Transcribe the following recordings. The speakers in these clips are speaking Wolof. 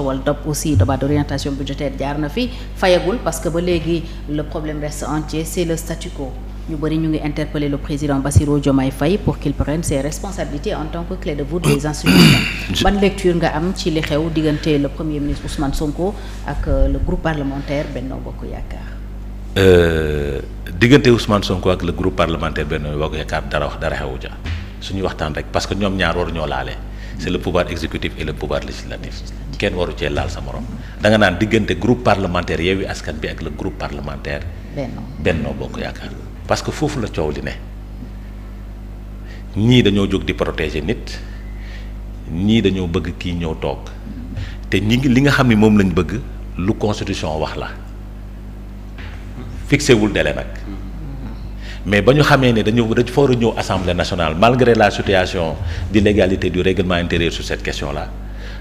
wal dop aussi débat d'orientation budgétaire jaar na fi fayagul parce que ba léegi le problème reste entier c'est le statu quo ñu bëri ñu ngi interpeller le président Bassirou Diomaye Faye pour qu'il prenne ses responsabilités en tant que clé de voûte des institutions ban lecture nga am ci li xew diggante la premier ministre Ousmane Sonko ak euh, le groupe parlementaire Benno Bokk Yaakaar euh, diggante Ousmane Sonko ak le groupe parlementaire Benno Bokk Yaakaar dara wax dara xewu ja suñu waxtaan rek que ñoom ñaar waruñoo laale c' est le pouvoir exécutif et le pouvoir législatif kenn waru cee laal sa morom da naan diggante groupe parlementaire Yewwi Askan bi ak le groupe parlementaire. Benno Benno Bokk Yaakaar. parce que foofu la coow li ne ñii dañoo jóg di protéger nit ñii dañoo bëgg kii ñëw toog te ñi li nga xam ne moom lañu bëgg lu constitution wax la fixé wul délai nag. mais ba ñu xamee ne dañu dañ foor a ñëw assemblée nationale malgré la situation d'illégalité du règlement intérieur sur cette question la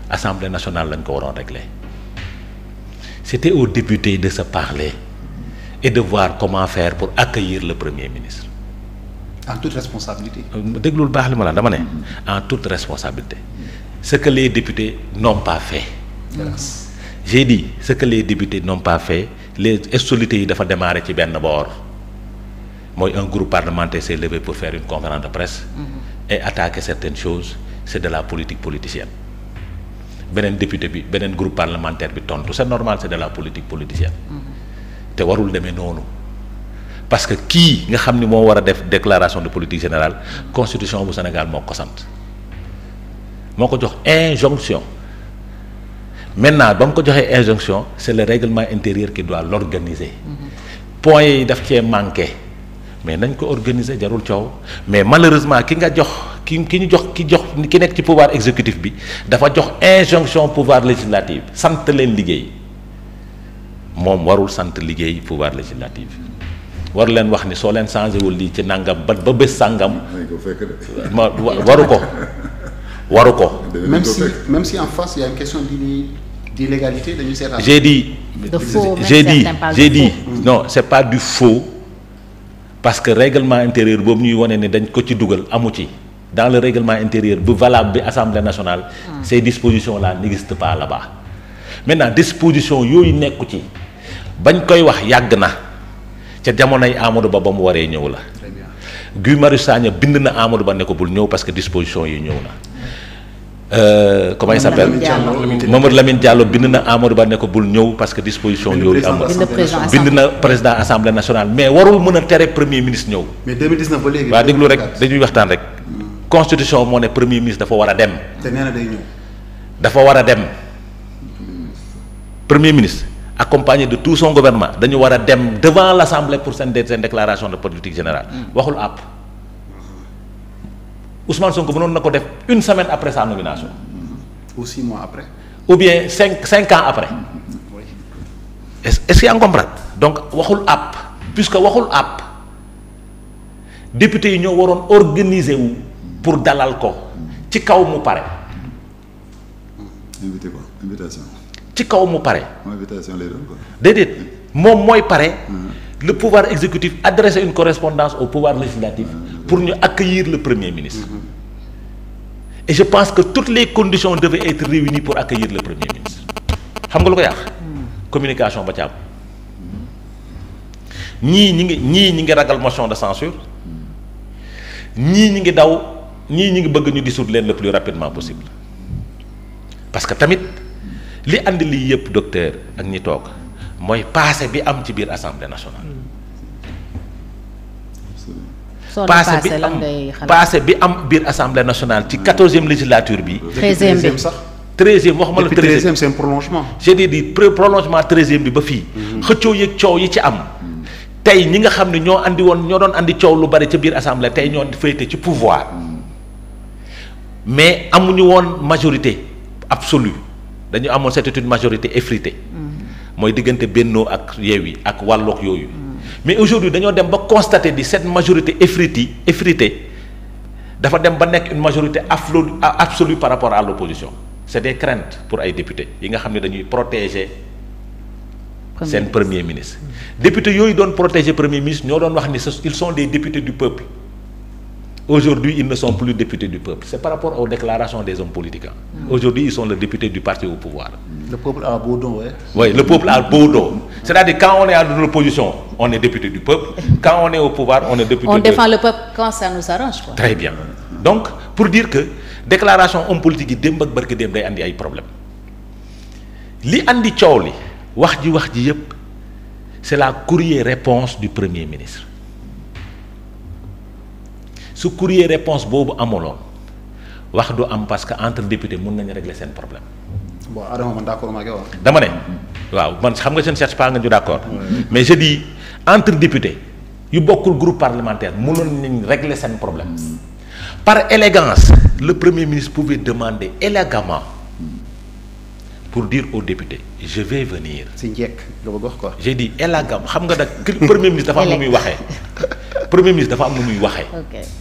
assemblée nationale lañ ko waroon régler c'était aux députés de se parler et de voir comment faire pour accueillir le premier ministre. en toute responsabilité. déglul baax li ma la dama ne. Mm-hmm. en toute responsabilité. ce que les députés non pas fait. j'ai dit ce que les députés n'ont pas fait les hostilités yi dafa démarrer ci benn boor. mooy un groupe parlementaire s'est levé pour faire une conférence de presse mmh. et attaquer certaines choses c'est de la politique politicienne beneen député bi beneen groupe parlementaire bi tontu c'est normal c'est de la politique politicienne mhm. te warul demee noonu parce que kii nga xam ni moo war a def déclaration de politique général constitution bu Sénégal moo ko sant moo ko jox injonction maintenant ba mu ko joxee injonction c'est le règlement intérieur qui doit l'organiser. Mm yi daf cee manqué. mais nañ ko organiser jarul coow mais malheureusement ki nga jox ki ki ñu jox ki jox ki nekk ci pouvoir exécutif bi dafa jox injonction pouvoir législative sant leen liggéey moom warul sant liggéey pouvoir législative war leen wax ni soo leen changé wul lii ci nangam ba ba bés sàngam ma waru ko waru ko. même si même si en face il y a une question d'illégalité dañuy seetaan. j'ai dit. de faux j'ai dit j'ai dit non c'est pas du faux. parce que règlement intérieur boobu ñuy wane ne dañ ko ci dugal amu ci dans le règlement intérieur bu valable bi assemblée nationale. Hmm. ces dispositions là n'existent pas là-bas. maintenant disposition yooyu nekku ci bañ koy wax yàgg na ca jamonoy Amadou Ba ba mu waree ñëw la. Guy Marius bind na Amadou Ba ne ko bul ñëw parce que disposition yi ñëw na. Euh, comment il s'appelle Mamadou Lamine Diallo bind na Amadou Ba ne ko bul ñëw parce que disposition yooyu am bind na président assemblée nationale mais warul mën a tere premier ministre ñëw mais 2019 ba léegi waaw déglu rek dañuy waxtaan rek constitution moo ne premier ministre dafa war a dem te na day ñëw dafa war a dem premier ministre accompagné de tout son gouvernement dañu war a dem devant l'assemblée pour seen seen déclaration de politique générale hmm. waxul àpp Ousmane Sonko mënoon na ko def une semaine après sa nomination. ou six mois après. ou bien cinq cinq ans après. Oui. est est-ce donc waxul àpp puisque waxul àpp député yi ñoo waroon organiser wu pour dalal ko ci kaw mu pare. invité ko ci kaw mu pare. invitation lay doon quoi. déedéet moom mooy pare. Mm-hmm. le pouvoir exécutif adressait une correspondance au pouvoir législatif pour ñu accueillir le premier ministre mm-hmm. et je pense que toutes les conditions devaient être réunies pour accueillir le premier ministre xam nga lu ko yàq mm-hmm. communication ba ci am ñii ñi ngi ñii ñi ngi ragal motion de censure ñii ñi ngi daw ñii ñi ngi bëgg ñu dissoudre leen le plus rapidement possible parce que tamit li àndi lii yëpp docteur ak ñi toog mooy passé bi am ci biir assemblée nationale. passé bi am passé bi am biir assemblée nationale ci quatorzième législature bi. treizième bi sax. treizième waxuma la treizième c'est un prolongement. j'ai dit prolongement treizième bi ba fii. Mhm. xëccoo yeeg coow yi ci am. tey ñi nga xam ne ñoo indi woon ñoo doon indi coow lu bari ca biir assemblée tey ñoo féete ci pouvoir mhm. mais amuñu woon majorité absolue dañu amoon certitude majorité effritée. Mhm. mooy diggante Bennoo ak yi ak wàllook yooyu mais aujourd'hui dañoo dem ba constater di cette majorité effritée effritée dafa dem ba nekk une majorité aflo absolue par rapport à l'opposition c'est des craintes pour ay députés yi nga xam ne dañuy protéger seen premier ministre député yooyu doon protéger premier ministre ñoo doon wax ni sa ils sont des député du peuple aujourd'hui ils ne sont plus députés du peuple c'est par rapport aux déclarations des hommes politiques mmh. aujourd'hui ils sont les députés du parti au pouvoir le peuple a beau dos ouais. oui le peuple a beau dos c'est-à-dire quand on est à l'opposition on est député du peuple quand on est au pouvoir on défend le peuple quand ça nous arrange quoi très bien donc pour dire que déclaration homme politique yi démb ak barke démb day ay problème li andi wax ji wax ji yépp la courrier réponse du premier su courrier réponse boobu amuloon wax du am parce que entre député mun nañu régler seen problème. bon maa ngi wax dama ne waaw man xam nga seen cherche pas nga ñu d'accord mais je dis entre député yu bokkul groupe parlementaire mënoon nañ régler seen problème par élégance le premier ministre pouvait demander élégamment pour dire aux députés je vais venir. si njëkk nga bëgg wax quoi. j'ai xam nga nag premier ministre dafa am lu muy waxee. premier ministre dafa am lu muy waxee.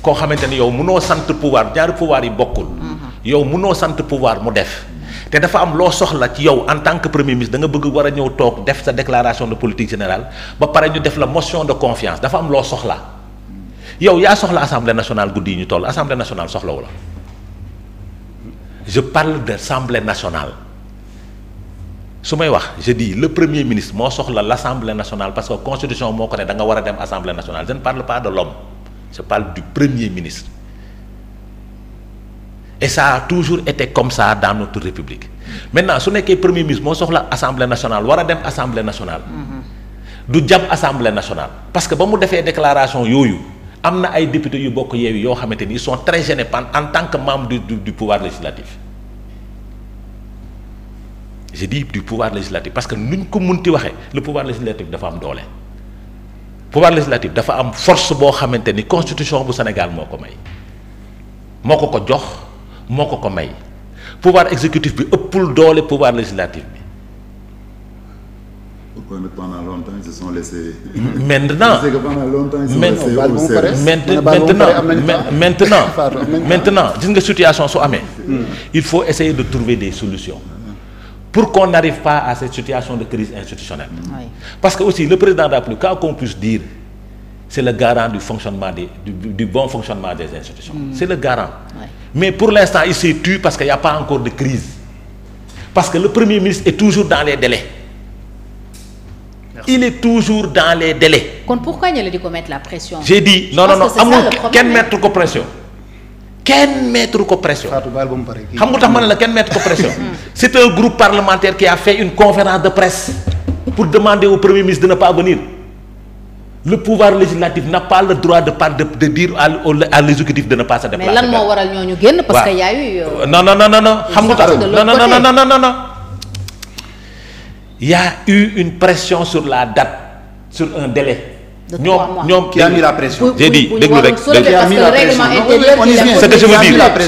koo xamante ni yow munoo sant pouvoir ñaari pouvoir yi bokkul. Mhm. yow munoo sant pouvoir mu def. te dafa am loo soxla ci yow en tant que premier ministre da nga bëgg war a ñëw toog def sa déclaration de politique générale ba pare ñu def la motion de confiance dafa am loo soxla yow yaa soxla assemblée nationale guddi yi ñu toll assemblée nationale soxlawu la je de assemblée nationale. su may wax je dis le premier ministre moo soxla l' assemblée nationale parce que constitution moo ko ne da nga war a dem assemblée nationale je ne parle pas de l'homme je parle du premier ministre et ça toujours été comme ça dans notre république maintenant su nekkee premier ministre moo soxla assemblée nationale war a dem assemblée nationale. Mm-hmm. du jàpp assemblée nationale. parce que ba mu defee déclaration yooyu am na ay députés yu bokk yeewi yoo xamante ni ils sont très gênés en tant que membre du je dis du pouvoir législatif parce que nuñ ko munti waxee le pouvoir législatif dafa am doole pouvoir législatif dafa am force boo xamante ni constitution bu Sénégal moo ko may moo ko ko jox moo ko ko may pouvoir exécutif bi ëppul doole pouvoir législatif bi. pourquoi ne maintenant parce maintenant maintenant gis nga situation su amee. Hmm. il faut essayer de trouver des solutions. pour qu'on n'arrive pas à cette situation de crise institutionnelle. Parce que aussi, le président de la République, qu'on puisse dire, c'est le garant du, fonctionnement des, du, du, bon fonctionnement des institutions. Mm. C'est le garant. Oui. Mais pour l'instant, il se tue parce qu'il n'y a pas encore de crise. Parce que le Premier ministre est toujours dans les délais. Il est toujours dans les délais. Donc pourquoi il a dit qu'on mette la pression J'ai dit, non, non, non, non, amul mettre ko pression. kenn mettre ko pression xam nga tax ma ne la kenn mettre ko pression mm. c'est un groupe parlementaire qui a fait une conférence de presse pour demander au premier ministre de ne pas venir le pouvoir législatif n'a pas le droit de par de, de dire à à l'exécutif de ne pas se déplacer. mais lan moo waral ñooñu génn. parce que y a eu. Euh, euh, non non non non xam nga tax non non non non non non y a eu une pression sur la date sur un délai. de trois mois ñoom qui a mis la pression. j'ai dit déglu rek qui a mis la pression ce que je veux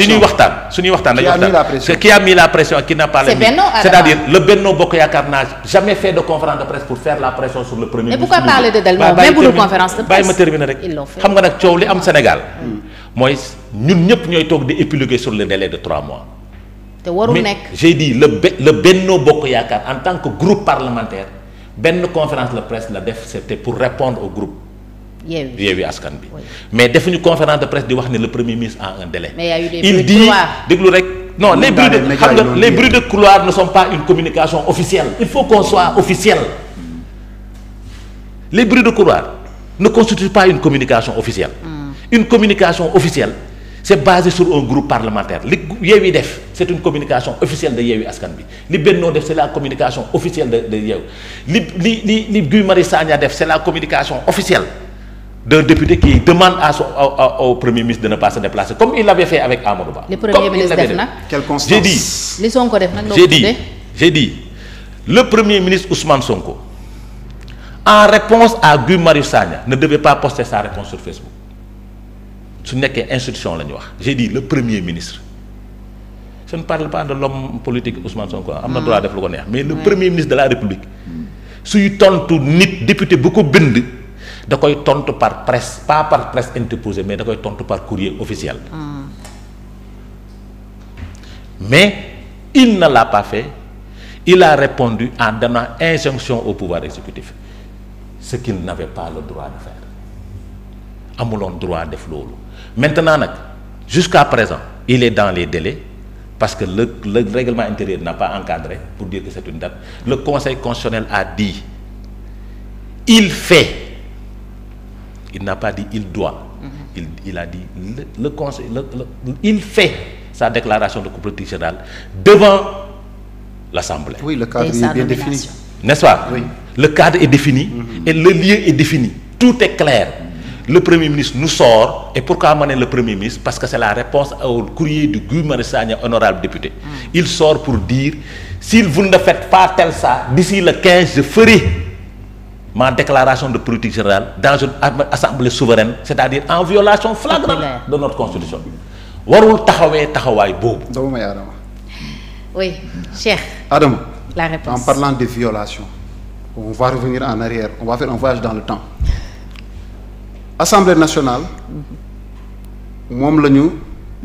dire waxtaan suñuy waxtaan dañuy waxtaan qui a mis la pression ak qui n'a pas c'est-à-dire le Benno Bokk Yaakaar n'a jamais fait de conférence de presse pour faire la pression sur le premier ministre. bu dul conférence de presse ma terminer rek xam nga nag coow li am ah. Sénégal hmm. mooy ñun ñëpp ñooy toog di épiloguer sur le délai de trois mois. te warul nekk mais Bokk Yaakaar en tant que groupe parlementaire benn conférence de presse la def c'était pour répondre au groupe. Yewwi Yewwi Askan Wi. mais defuñu conférence de presse di wax ne le premier ministre a un délai. mais y a eu des bruits de couloir il dit déglu rek. non les bruits de xam les bruits de couloir ne sont pas une communication officielle. il faut qu'on soit mm. les bruits de couloir ne constituent pas une communication officielle. Mm. une communication officielle. c'est basé sur un groupe parlementaire li Yewwi def c'est une communication officielle de Yewwi Askan Wi li Benno def c'est la communication officielle de de Yewwi li li li li Guy Marius Sagna def c'est la communication officielle d'un député qui demande à son au, au premier ministre de ne pas se comme il l'avait fait avec Amadou Ba. le premier ministre def Sonko def nag j'ai dit le premier ministre Ousmane Sonko en réponse à Guy mari Sagna na devait pas poster sa réponse sur Facebook. su nekkee institution la ñu wax j'ai dit le premier ministre je par parle par de l'homme politique Ousmane Sonko am na ah. droit def lu ko neex mais le premier ministre de la République suy tontu nit député bu ko bind da koy tontu par presse pas par presse interposée mais da koy tontu par courrier officiel ah. mais il na l'a pas il a répondu en donnant injonction au pouvoir exécutif ce qu'il n'avait par le droit de faire amuloon droit def loolu maintenant nag jusqu'à présent il est dans les délais parce que le le règlement intérieur n'a pas encadré pour dire que c'est une le conseil constitutionnel a dit il fait il n'a pas dit il doit mm-hmm. il il a dit le, conseil il fait sa déclaration de politique générale devant l'assemblée oui le cadre est bien défini n'est-ce pas le cadre est défini mm-hmm. et le lieu est défini tout est clair le premier ministre nous sort et pourquoi ma ne le premier ministre parce que c'est la réponse au courrier du Guy Marius honorable député hmm. il sort pour dire si vous ne faites pas tel ça d'ici le 15 je ferai ma déclaration de politique générale dans une assemblée souveraine c'est-à-dire en violation flagrante de notre constitution warul taxawee taxawaay boobu doomu may Adama oui Cheikh Adama en parlant de violation on va revenir en arrière on va faire le temps assemblée nationale moom la ñu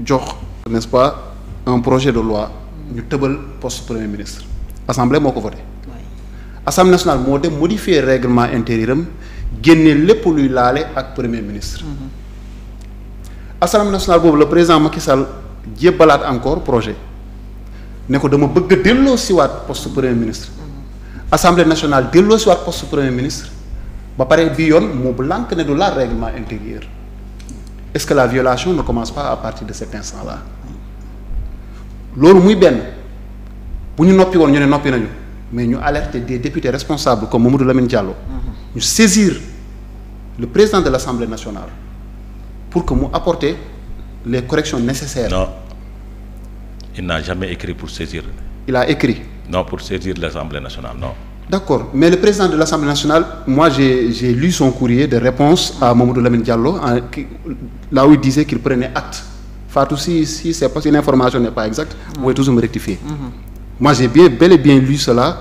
jox n'est-ce pas un projet de loi ñu tëbal poste premier ministre assemblée moo ko voté assemblée nationale moo dem modifier règlement intérieur am génne lépp luy laale ak premier ministre mm-hmm. assemblée nationale boobu la président Macky Sall jébbalaat encore projet ne ko dama bëgg a delloo siwaat poste premier ministre mm-hmm. assemblée nationale delloo siwaat poste premier ministre ba pare bi yoon mu lànk ne du laal règlement intérieur est-ce que la violation ne commence pas à partir de cet instant-là loolu muy benn bu ñu noppi woon ñu ne noppi nañu mais ñu alerter des députés responsables comme Mamadou Lamine Diallo ñu saisir le président de l'Assemblée nationale pour que mu apporter les corrections nécessaires. non il n'a jamais écrit pour saisir. il a écrit. non pour saisir l'Assemblée nationale non. D'accord, mais le président de l'Assemblée nationale, j'ai lu son courrier de réponse à Mamadou Lamine Diallo là où il disait qu'il prenait acte. Fatou, si si c'est parce que l'information n'est pas exacte, vous pouvez toujours me rectifier. Mhm. Moi j'ai bien bel et bien lu cela